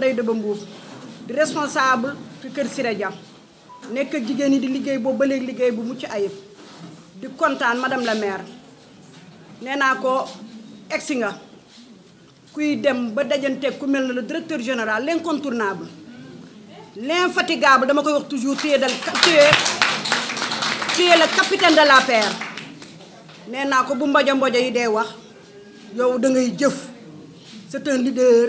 de Daba responsable du kër Siré Dia nekk ak jigéen ñi di liggéey boobu ba léegi liggéey bu mucc ayib di madame la maire nee naa ko egsi nga dem ba dajante ku mel le directeur général l'incontournable l'infatigable dama koy wax toujours téye le capitaine de la paire nee naa ko bu mbojo mbojo yi dee wax yow da ngay c'est un leader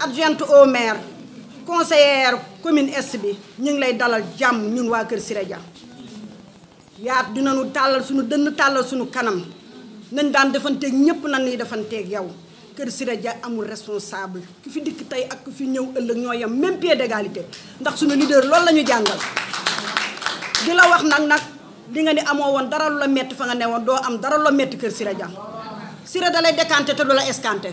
adjointe au maire conseillère commune est bi ñu ngi lay dalal jàmm ñun waa Kër Siré Dia yaat dinañu tàllal suñu dënn tàllal suñu kanam nañ daan defanteeg ñépp nan ñuy defanteeg yow Kër Siré ja amul responsable ki fi dikk tey ak ku fi ñëw ëllëg ñoo yem même pied d'égalité ndax suñu leader loolu la ñu jàngal di la wax nag nag li nga ni amoo woon dara lu la metti fa nga ne woon doo am dara lu la metti Kër Siré Dia Siré da lay décanté te du la escanté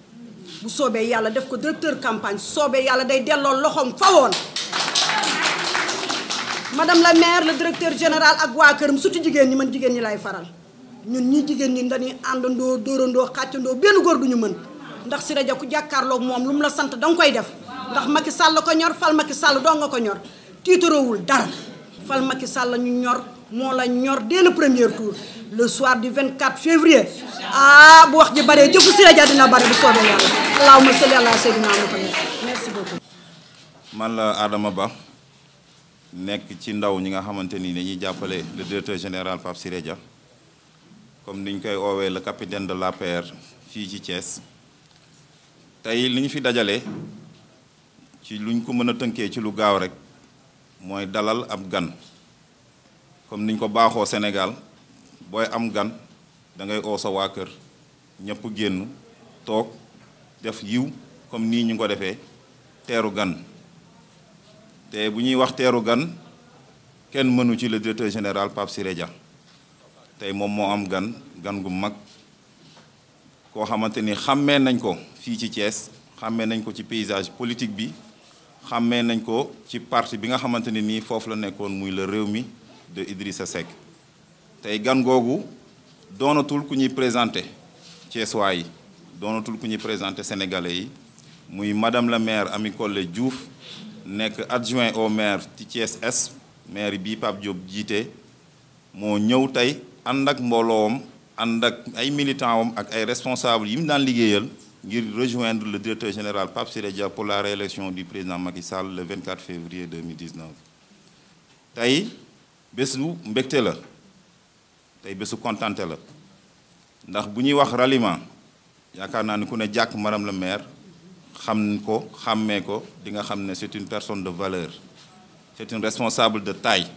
bu soobee yàlla def ko directeur campagne soobee yàlla day delloo loxoom fa woon madame la maire la directeur général ak waa këram surtout jigéen ñi man jigéen ñi lay faral ñun ñi jigéen ñi dañuy àndandoo dóorandoo xàccandoo benn góor du ñu mën ndax si Dia ku jàkkaarlook moom lu mu la sant danga koy def ndax Macky sàll ko ñor fal Macky Sall doo nga ko ñor tiitaroowul dara fal Macky Sall ñu ñor moo la ñor dès le premier tour le soir du 24 février ah bu wax ji bëree jëfu Siré Dia dina bëri bu soobee yàlla allahumma salli ala sayyidina Muhammad merci beaucoup. man la Adama Ba nekk ci ndaw ñi nga xamante ni dañuy jàppale le directeur général Pape Siré Dia comme niñ koy oowee le capitaine de l'APR fii ci Thiès tey li ñu fi dajale ci luñ ko mën a ci lu gaaw rek mooy dalal ab gan. comme niñ ko baaxoo senegal booy am gan dangay ngay waa kër ñëpp génn toog def yiw comme nii ñu ko defee teeru gan te bu ñuy wax teeru gan kenn mënu ci le directeur général Pape ja tey moom moo am gan gan gu mag koo xamante ni xàmmee nañ ko fii ci cees xàmmee nañ ko ci paysage politique bi xàmmee nañ ko ci parti bi nga xamante ne nii foofu la nekkoon muy le réew mi de Idrissa Seck Tay gan gogou doonatul ku présenter présenté soi, yi doonatul ku présenté sénégalais yi muy madame la maire Amicole Diouf nek adjoint au maire ci S maire bi Pape Diop jité mo ñew tay andak ak andak ay militant wam ak ay responsables yi ngir rejoindre le directeur général Pape Siré pour la réélection du président Macky Sall le 24 février 2019 Taï bés mbecté la tay bésu contenté la ndax buñuy wax ralliement yaakaar naa ni ku ne jàkk madame le maire xam ko xàmmee ko di nga xam ne c'est une personne de valeur c'est une responsable de taille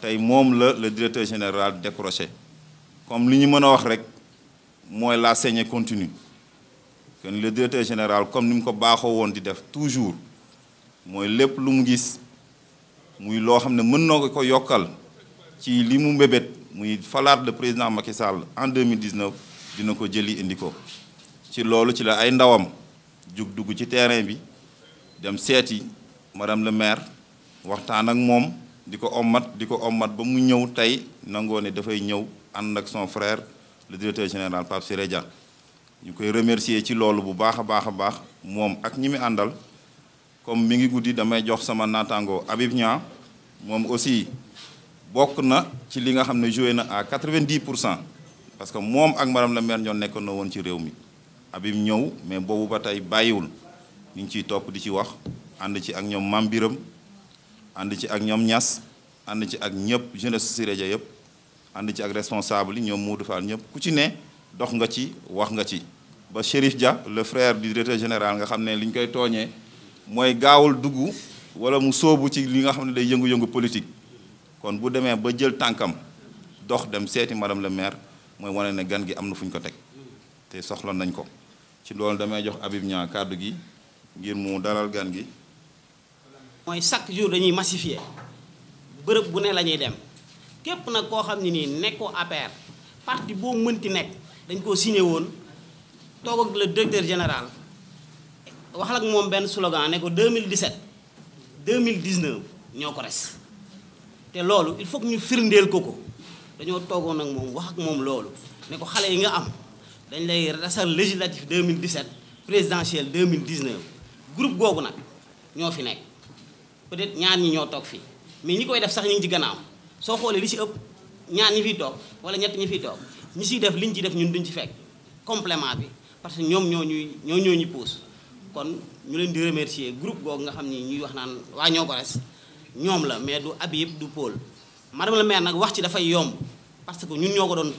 tey moom la le directeur général décroché comme li ñu mën a wax rek mooy la saignée continue Que le directeur général comme ni mu ko baaxoo woon di def toujours mooy lépp lu mu gis muy loo xam ne mën na ko yokkal ci li mu mbébét muy falaat le président Macky Sall en 2019 dina ko jëli indi ko ci loolu ci la ay ndawam jug dugg ci terrain bi dem seeti madame le maire waxtaan ak moom di ko ommat di ko omat ba mu ñëw tey nangoo ne dafay ñëw ànd ak son frère le directeur général Pape Siré Dia ñu koy remercier ci loolu bu baax a baax a baax moom ak ñi mu àndal comme mi ngi guddi damay jox sama naataango Habib Niang moom aussi bokk na ci li nga xam ne joué na à 90 pour cent parce que moom ak madame la maire ñoo nekkoon na woon ci réew mi Habib ñëw mais boobu ba tey bàyyiwul ñu ngi ciy topp di ci wax ànd ci ak ñoom Mame Biram ànd ci ak ñoom ñas ànd ci ak ñëpp jeunesse Siré Dia yëpp ànd ci ak responsable yi ñoom Moudou Fall ñëpp ku ci ne dox nga ci wax nga ci ba Chérif ja le frère du directeur général nga xam ne li ñu koy tooñee moy gaawul dugu, wala mu sóobu ci li nga xamne day yëngu-yëngu politique kon bu demee ba jël tankam dox dem séti madam le maire moy wane né gan gi amna fuñ ko tek te soxla nañ ko ci lool damay jox abib Niang kàddu gi ngir mu dalal gan gi. moy chaque jour dañuy massifier bërepp bu ne la dem képp nak ko xamni ni né ko APR parti boo mënti nek dañ ko signé won ak le directeur général. wax ak moom benn slogan ne ko 2017 2019 ñoo ko res te loolu il faut ñu firndeel ko ko dañoo toogoon ak moom wax ak moom loolu ne ko xale yi nga am dañ lay resal législatif 2017 présidentielle 2019 groupe googu nag ñoo fi nekk peut-être ñaar ñi ñoo toog fii mais ñi koy def sax ñu ngi ci gannaaw soo xoolee li ci ëpp ñaar ñi fiy toog wala ñett ñi fiy toog ñi ciy def liñ ci def ñun duñ ci fekk complément bi parce que ñoom ñoo ñuy ñoo ñoo ñu pousse kon ñu leen di remercier groupe googu nga xam ni ñuy wax naan waa ñoo ko res ñoom la mais du Habib du Paul madame la maire nag wax ci dafay yomb parce que ñun ñoo ko doon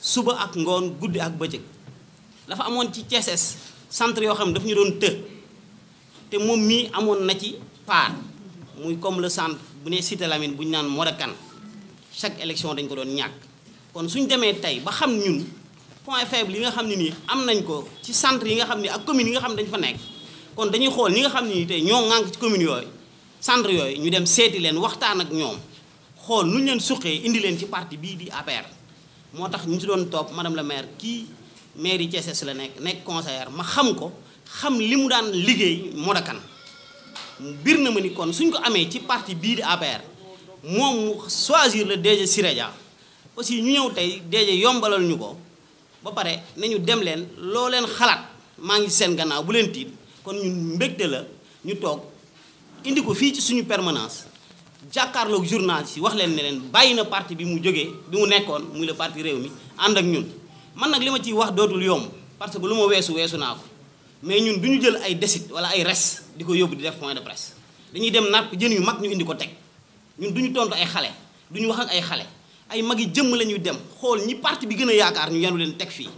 suba ak ngoon guddi ak bëccëg dafa amoon ci tss centre yoo xam ne daf ñu doon të te moom mii amoon na ci part muy comme le centre bu ne cité Lamine bu ñu naan Morakan chaque élection dañ ko doon ñàkk kon suñ demee tey ba xam ñun point fair yi nga xam ne nii am nañ ko ci centre yi nga xam ni ak commune yi nga xam ne dañ fa nekk kon dañuy xool ñi nga xam ne nii tey ñoo ŋànk ci commune yooyu centre yooyu ñu dem seeti leen waxtaan ak ñoom xool nu ñu leen suqee indi leen ci parti bii di APR moo tax ñu si doon topp madame la maire kii maire yi Thiès la nekk nekk conseillère ma xam ko xam li mu daan liggéey Modakan bir na ma ni kon suñ ko amee ci parti bii di APR moom mu choisir le DG Siré Dia aussi ñu ñëw tey DG yombalal ñu ko ba pare ñu dem leen loo leen xalaat maa ngi seen gannaaw bu leen tiit kon ñun mbëgte la ñu toog indi ko fii ci suñu permanence jàkkaarloog journaliste yi wax leen ne leen bàyyi na parti bi mu jógee bi mu nekkoon muy le parti réew mi ànd ak ñun man nag li ma ciy wax dootul yomb parce que lu ma weesu weesu naa ko mais ñun du ñu jël ay desit wala ay res di ko yóbbu di def point de presse dañuy dem napp jën yu mag ñu indi ko teg ñun du ñu tontu ay xale du ñu wax ay xale ay mag yi jëmm la ñuy dem xool ñi parti bi gën a yaakaar ñu yanu leen teg fii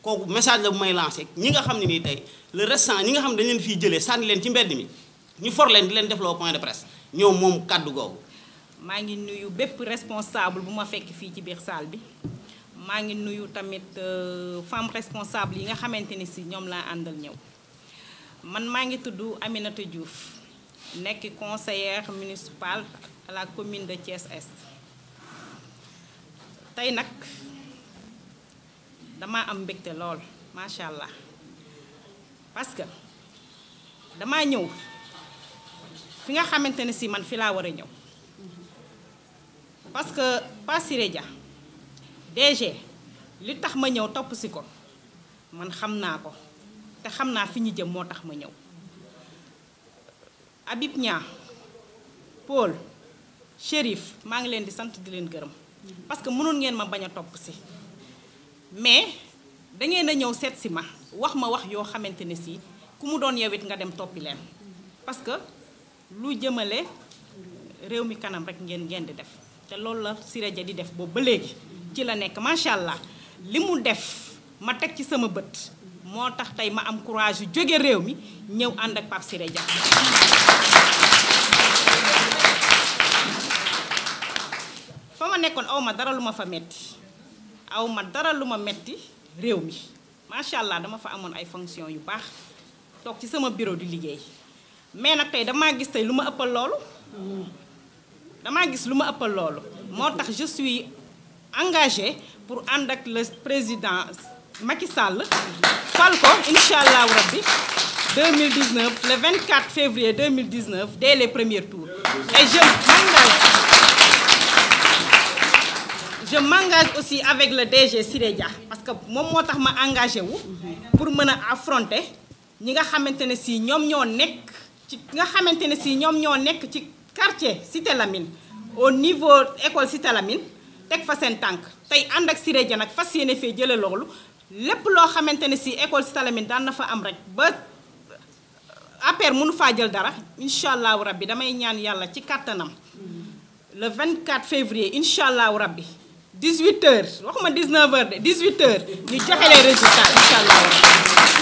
kooku message la bu may lancé ñi nga xam ne nii tey le restant ñi nga xam ne dañ leen fii jële sànni leen ci mbedd mi ñu for leen di leen defloo point de presse ñoom moom kàddu googu. maa ngi nuyu bépp responsable bu ma fekk fii ci biir salle bi maa ngi nuyu tamit euh, femme responsable yi nga xamante ni si ñoom laa àndal ñëw man maa ngi tudd Aminata Diouf nekk conseillère municipale à la commune de Thiès Est. tay nak dama am telol, ma sha allah parce que dama ñew fi nga xamante si man fi la wara ñew parce que Pa Dia DG li tax ma ñew top si ko man xamna ko te xamna fi ñu jëm moo tax ma ñew abib nya Paul sherif maa ngi di sant di parce que mënoon ngeen ma bañ a topp si mais da ngeen a ñëw seet si ma wax ma wax yoo xamante ne si ku mu doon yowit nga dem toppi leen parce que lu jëmale réew mi kanam rek ngeen ngeen di def te loolu la Siré Dia di def boobu ba léegi ci la nekk macha allah li mu def ma teg ci sama bët moo tax tey ma am courage yu jóge réew mi ñëw ànd ak Pape Siré Dia ma nekkoon awma dara luma fa metti awma dara luma metti réew mi macha dama fa amone ay fonction yu bax tok ci sama bureau di liggéey mais nag tey damaa gis tey luma eppal lolu dama gis luma eppal lolu motax je suis engagé pour andak le président Macky Sall fal inshallah incha rabbi 2019 le 24 février 2019 dès les premiers tours et je m'engage je m'engage aussi avec le DG Sirédia parce que moom moo tax ma engagé wu pour me affronter ñi nga xamante si ñoom ñoo nek, ci nga xamante si ñoom ñoo nek, ci quartier Cité Lamine au niveau école Cité Lamine tek fa seen tank. Tay andak ak nak nag fas yéene fee jële loolu lépp loo si école Cité Lamine daan na fa am rek ba APR mënu faa jël dara incha allahu rabbi damay ñaan yàlla ci kàttanam le 24 février inshallah allahu rabbi 18 heures waxuma 19 heures de 18 heures ñu joxe les résultats incha allah.